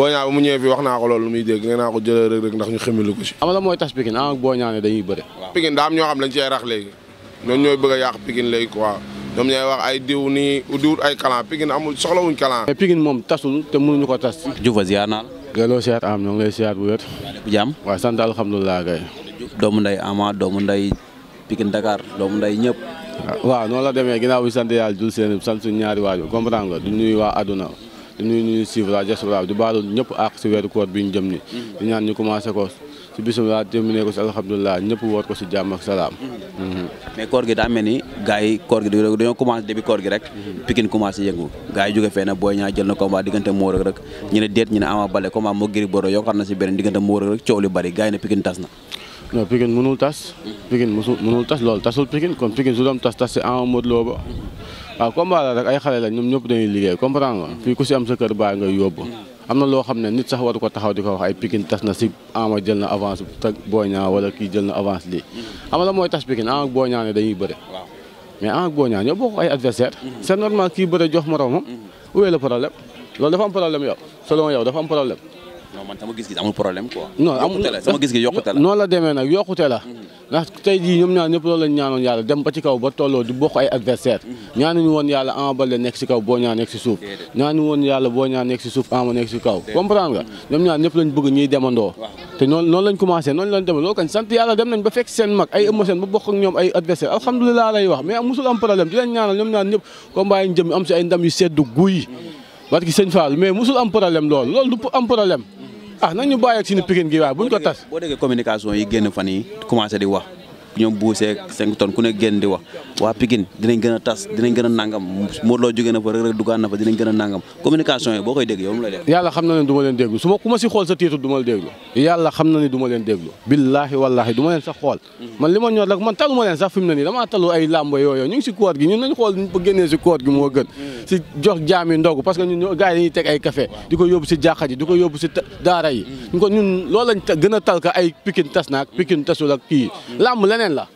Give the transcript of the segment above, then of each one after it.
Boy Niang bi mu ñëwee fii wax naa ko loolu lu muy dégg nee naa ko jëlee rek rek ndax ñu xamelu ko si. am la mooy tas Pikine ah ak Boy Niang ne dañuy bëre. Pikine daa am ñoo xam dañ cee rax léegi ñoom ñooy bëgg a yàq Pikine léegi quoi ñoom ñooy wax ay diw nii diwut ay kalan Pikine amul soxlawuñ kalan. mais Pikine moom tasul te mënuñu ko tas. Diouf ziar naa la. gëloo ziar am ñoo ngi lay ziar bu wér. jàmm waaw sant alhamdulilah kay. doomu nday Ama doomu nday Pikine Dakar doomu nday ñëpp. waaw noonu la demee ginnaaw bi sant yàlla jul seen sant suñu ñaari waajur comprendre nga du nuyu waa àdduna di nuyu nuyu suivra diaspora di baalu ñëpp àq si weeru koor bi ñu jëm ni di ñaan ñu commencé ko si bisimilah terminé ko si alhamdulilah ñëpp woor ko si jàmm ak salaam mm-hmm. mais koor gi daa mel ni gars yi koor gi dañoo commencé début koor gi rek mm-hmm. Pikine commencé yëngu gars yi jóge fee na Boy jël na combat diggante Mor Reug Reug ñu ne Ama Baldé combat moo Gris Bordeaux yoo na si beneen diggante Mor Reug coow li bari gars yi ne tas na non waaw combat la rek ay xale la ñoom ñëpp dañuy liggéey comprendre nga fii ku si am sa kër baa nga yóbbu am na loo xam ne nit sax waru ko taxaw di ko wax ay pikin tas na si ama jël na avance tag booñaa wala kii jël na avance lii mm-hmm. ama la mooy tas pikin ama ak booñaa ne dañuy bëre mais ama ak booñaa ñoo bokk ay adversaire mm-hmm. c'est normal kii bëre jox moromam mm-hmm. où est le problème loolu dafa am problème yow selon yow dafa am problème non man sama gis-gis amul problème quoi. non amul sama gis-gis noonu la demee nag yokkute la. Mhm. tey jii ñoom ñaar ñëpp loolu lañ ñaanoon yàlla dem ba ci kaw ba tolloo di bokk ay adversaire mhm. ñaanuñu woon yàlla boo Baldé nekk si kaw Boy Niang nekk si suuf ñaanuñu woon yàlla nekk si mhm. ñëpp bëgg ñuy demandoo te noonu noonu lañ commencé noonu lañ demee loolu kan sant yàlla dem nañ ba fekk seen mag ay émotion ba bokk ak ñoom ay adversaire alhamdulilah lay wax mais musul am problème di leen ñaanal ñoom ñaar ñëpp combat yi jëm am si ay ndam yu sedd guy ah nañu ñu bàyyi ak suñu Pikine gi waaw buñ ko tas. boo déggee communication yi génn fan yi di wax ñoom buusee cinq tonnes ku ne génn di wax waa Pikine dinañ gën a tas dinañ gën a nangam Modou Lo jógee na fa Reug Reug dugaan na dinañ gën a nangam communication yi boo koy dégg yow yooyu ñu si koor gi ñun nañ xool génnee si koor gi moo gën si jox jaam ndogu parce ñun gars dañuy teg ay café di ko yóbbu si jàkka di ko yóbbu si daara yi ko ñun loolu lañ a tal ka ay Pikine tas naak Pikine tasul ak kii leneen la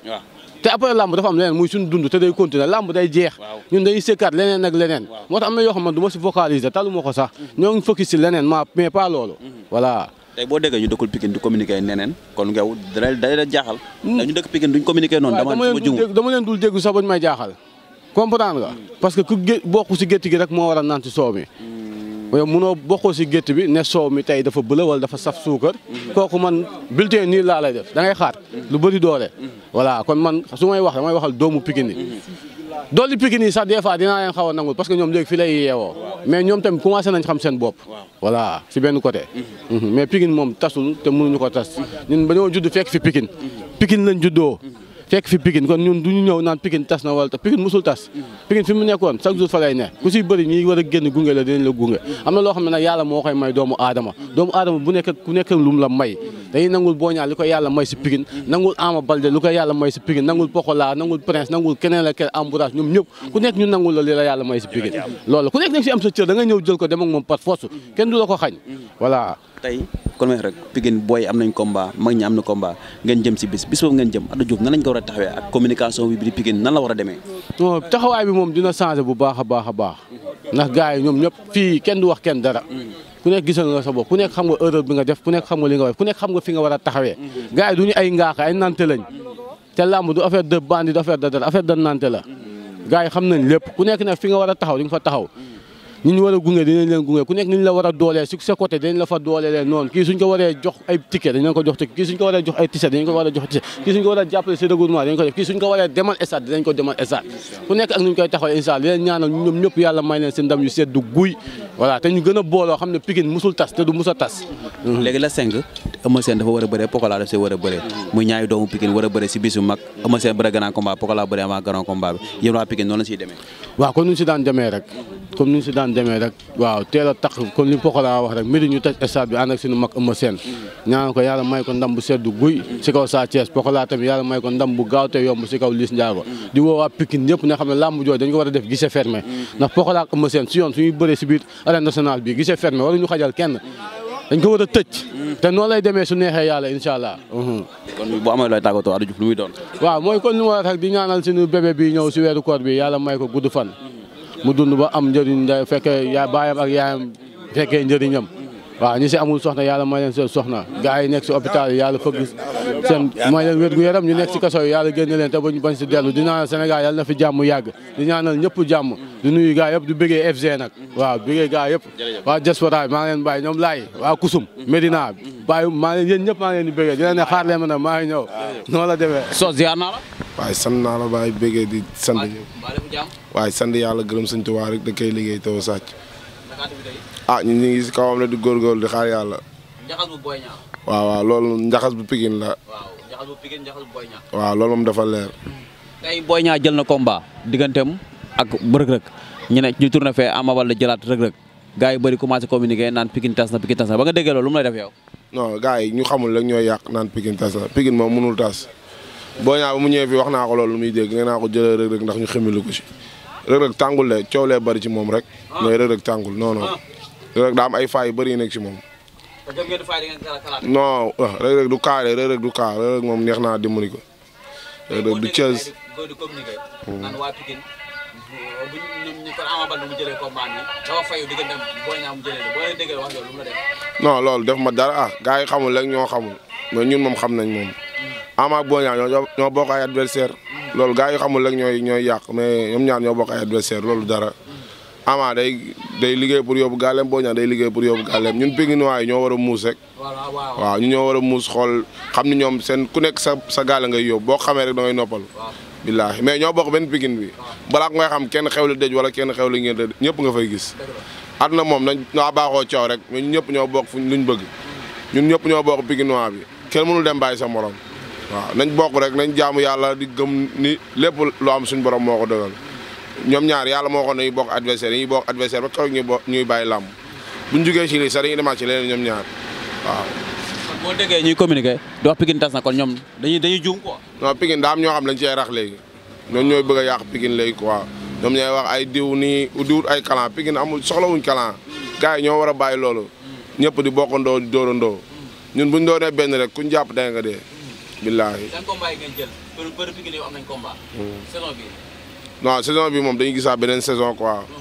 te après lamb dafa am leneen muy suñu dund te day continuer lamb day jeex ñun day sëkkaat leneen ak leneen moo tax am na yoo xam ne du ma si talu ma sax mhm. ñoo ngi si leneen ma pas loolu mhm. voilà boo déggee ñu dëkkul Pikine di communiquer neneen kon yow da da la jaaxal mm. ñu dëkk Pikine duñ noonu dama leen dul dégg sax bañ may jaaxal comprendre nga mm. parce que ku si gétt gi rek moo war a naan yow munoo bokkoo si gétt bi ne soow mi tey dafa bëla wala dafa saf suukar kooku man bulletin nii laa lay def da xaar lu bëri doole voilà kon man su may wax damay waxal doomu Pikine yi dolli Pikine yi sax des fois dinaa leen xaw nangul parce que ñoom léegi fi lay yeewoo mais ñoom tamit commencé nañ xam seen bopp voilà si benn côté mais Pikine moom tasul te mënuñu ko tas ñun ba ñoo judd fekk fi Pikine Pikine lañ juddoo fekk fi Pikine kon ñun du ñëw naan Pikine tas na wala ta Pikine musul tas Pikine fi mu nekkoon chaque jour fa lay ne ku siy bëri ñi war génn gunge la dinañ la gunge am na loo xam ne nag yàlla moo koy may doomu aadama doomu aadama bu nekk ku nekk lu la may dañuy nangul Boy Niang ko yàlla may si Pikine nangul Ama Baldé lu ko yàlla may si Pikine nangul Pokola nangul Prince nangul keneen ak keneen Ambourage ñoom ñëpp ku nekk ñu nangul la li la yàlla may si Pikine loolu ku nekk nag si am sa cër da ñëw jël ko dem moom par kenn du la ko xañ voilà tey kon may rek Pikine booy am nañ combat mag ñi am na combat ngeen jëm si bis bis boobu ngeen jëm Ada Diouf nan lañ ko war a taxawee ak communication bi di war a demee non taxawaay bi dina changé bu baax a baax a baax ndax gars yi ñoom ñëpp fii kenn du wax kenn dara ku nekk gisal nga sa bopp ku nekk xam nga erreur bi nga def ku nekk xam nga li nga wax ku nekk xam nga fi nga war a taxawee mm-hmm. gars yi du ñu ay ngaaka ay nante lañ te làmb du affaire de bandit du affaire de dara affaire de nante la mm-hmm. gars yi xam nañ lépp ku nekk nag fi nga war a taxaw di nga fa taxaw mm-hmm. ñu war a gunge dinañ leen gunge ku nekk ni la war a doolee su sa côté dinañ la fa dooleelee noonu kii suñ ko waree jox ay ticket dañ ko jox ticket kii suñ ko waree jox ay ticket dañ ko a jox ticket kii suñ ko waree jàppale si regroupement dañ ko def kii suñ ko waree demal stade dinañ ko demal a booloo xam a tas léegi la cinq Eumeu Sène dafa doomu Pikine war a bëree si bisu mag Eumeu Sène bëre grand combat Pokola bëre avant grand combat bi yéen waa Pikine noonu la demee waaw kon ñu si daan demee comme ni ñu si daan demee rek waaw teel a tax comme li Pokola wax rek midi ñu tëj stade bi ànd ak suñu mag Eumeu Sène ñaan ko yàlla may ko ndam bu seddu guy si kaw Sa Thiès Pokola tamit yàlla may ko ndam bu gaaw te yomb si kaw Liss Ndiago di woo waa Pikine ñëpp ne xam ne làmb jooju dañ ko war a def guichet fermé ndax Pokola ak Eumeu Sène si yoon suñuy bëree si biir arène nationale bi guichet fermé waruñu xajal kenn dañ ko war a tëj te noonu lay demee su mu dund ba am njëriñ nda fekkee yaa baayam ak yaayam fekkee njëriñam waa ñi si amul soxna yàlla may leen seen soxna gars yi nekk si hôpital yi yàlla fëgg seen may leen wér gu yaram ñu nekk si kaso yi yàlla génne leen te bañ si dellu di ñaanal Sénégal yàlla na fi jàmm yàgg di ñaana ñëpp jàmm di nuyu yëpp di bëggee FG nag waaw bëggee gars yëpp waa diaspora maa ngi leen ñoom laay waa Kusum Medina bàyyi maa leen yéen ñëpp maa ngi leen di bëggee di leen ne xaar leen ma nag maa ngi ñëw noonu la demee so ziar waaye san na la waaye bege di di ñëpp san di yàlla gërëm sëñ Tuubaa rek da koy liggéey taw sàcc ah ñu ngi si kawam la di góorgóorlu di xaar yàlla waaw waaw loolu njaxas bu Pikine la waaw loolu dafa leer tey Boy Niang jël na combat digganteem ak rëg-rëg ñu ne ñu tourné fe Ama Baldé commencé communiquer nan tas na pikin tas na ba nga déggee loolu lu mu def yow non gars ñu xamul nan tas na Pikine moom mënul tas boo ñaa ba mu ñëwee fii wax naa ko loolu muy dégg nee naa ko jëlee rëg rëg ndax ñu xamilu ko si rëg rëg tàngul de coow lee bëri ci moom rek mais rek rëg tàngul non ay faay yu bëri yu nekk si moom non moom neex naa dimbali ko du Thiès hmm. non loolu def ma dara ah gars yi xamul rek ñoo xamul mais ñun moom xam nañ moom Ama ak Boy Niang ay adversaire loolu gars yi xamul rek ñooy ñooy yàq mais ñoom ñaar ñoo bokk ay adversaire loolu dara Ama day day liggéey pour yóbbu gàllem Boy Niang day liggéey pour yóbbu gàllem ñun Pikinois yi ñoo war a muus rek waaw ñu ñoo war a muus xool xam ni ñoom seen ku nekk sa sa gaale ngay yóbbu boo xamee rek da ngay noppal billaahi mais ñoo bokk benn Pikine bi bala ko ngay xam kenn xew la dëj wala kenn xew la ngeen ñëpp nga fay gis àdduna moom nañ naa baaxoo coow rek ñëpp ñoo bokk fuñ luñ bëgg ñun ñëpp ñoo bokk Pikinois bi kenn mënul dem bàyyi sa morom waaw nañ bokk rek nañ jaamu yàlla di gëm ni lépp lu am suñ borom moo ko dëgal ñoom ñaar yàlla moo ko ne ñu bokk adversaire yi ñuy bokk adversaire ba keroog ñuy ñuy bàyyi làmb buñ jugee ci lii sax dañuy ci leneen ñoom ñaar waaw. boo déggee ñuy communiqué di wax Pikine tas na kon ñoom dañuy dañuy ju quoi. non Pikine daa am ñoo xam dañ cee rax léegi ñoom ñooy bëgg a yàq Pikine léegi quoi ñoom ñaay wax ay diw nii diwut ay kalan Pikine amul soxlawuñ kalan gars yi ñoo war a bàyyi loolu ñëpp di bokk di dóorandoo ñun buñ doonee benn rek kuñ jàpp da billaahi seen combat nañ combat. Hmm. saison bi. saison bi moom dañuy gisaa beneen saison quoi. Hmm.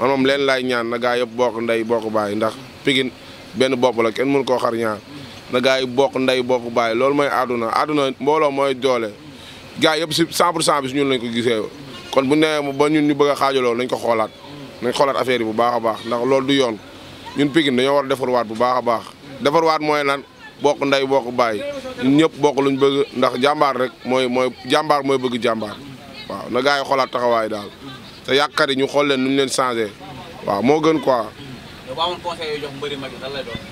man moom leen laay ñaan na gaa yëpp bokk ndey bokk baay ndax hmm. Pikine benn bopp la kenn mënu koo xar ñaar. na gaa yi bokk ndey bokk baay loolu mooy àdduna àdduna mbooloo mooy doole. gaa yëpp si 100 pour si ñun lañ ko gisee. kon bu nee ba ñun ñu bëgg a xaajaloo nañ ko xoolaat. nañ xoolaat affaire yi bu baax a baax ndax loolu du yoon ñun Pikine dañoo war a defarwaat bu baax a baax. defarwaat mooy lan. bokk nday bokk baay ñëpp bokk luñ bëgg ndax jàmbaar rek mooy mooy jàmbaar mooy bëgg jàmbaar waaw na gars yi xoolaat taxawaay daal te yàqkat yi ñu xool leen nu ñu leen changé waaw moo gën quoi.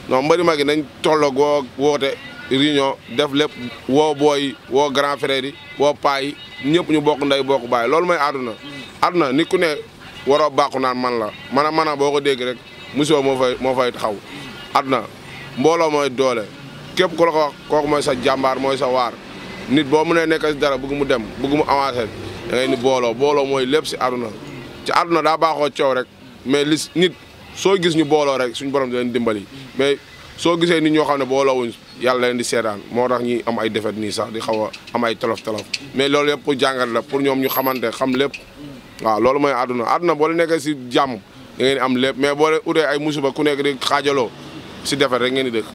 non mbëri mag yi nañ tolloog woo woote réunion def lépp woo booy woo grand frère yi woo paa yi ñëpp ñu bokk ndey bokk baay loolu mooy àdduna àdduna nit ku ne waroo bàqu naan man la man a a boo ko dégg rek musiba moo fay moo fay taxaw àdduna mbooloo mooy doole kep ko la ko wax sa jambar moy sa war nit bo mu nekk si dara bëgg mu dem bëgg mu avancer da ngay ni bolo bolo moy lepp si aduna ci aduna da baxo ciow rek mais nit so gis ñu bolo rek suñu borom dañu dimbali mais so gisee nit ñoo xamne bolo wuñ yalla leen di seetaan mo tax ñi am ay defet ni sax di xawa am ay tolof tolof mais loolu yëpp pour jàngat la pour ñom ñu xamanté xam lepp wa loolu moy aduna aduna bo le nek si jamm da ngeen am lepp mais bo le utee ay musuba ku nek rek xajalo si defet rek ngeen di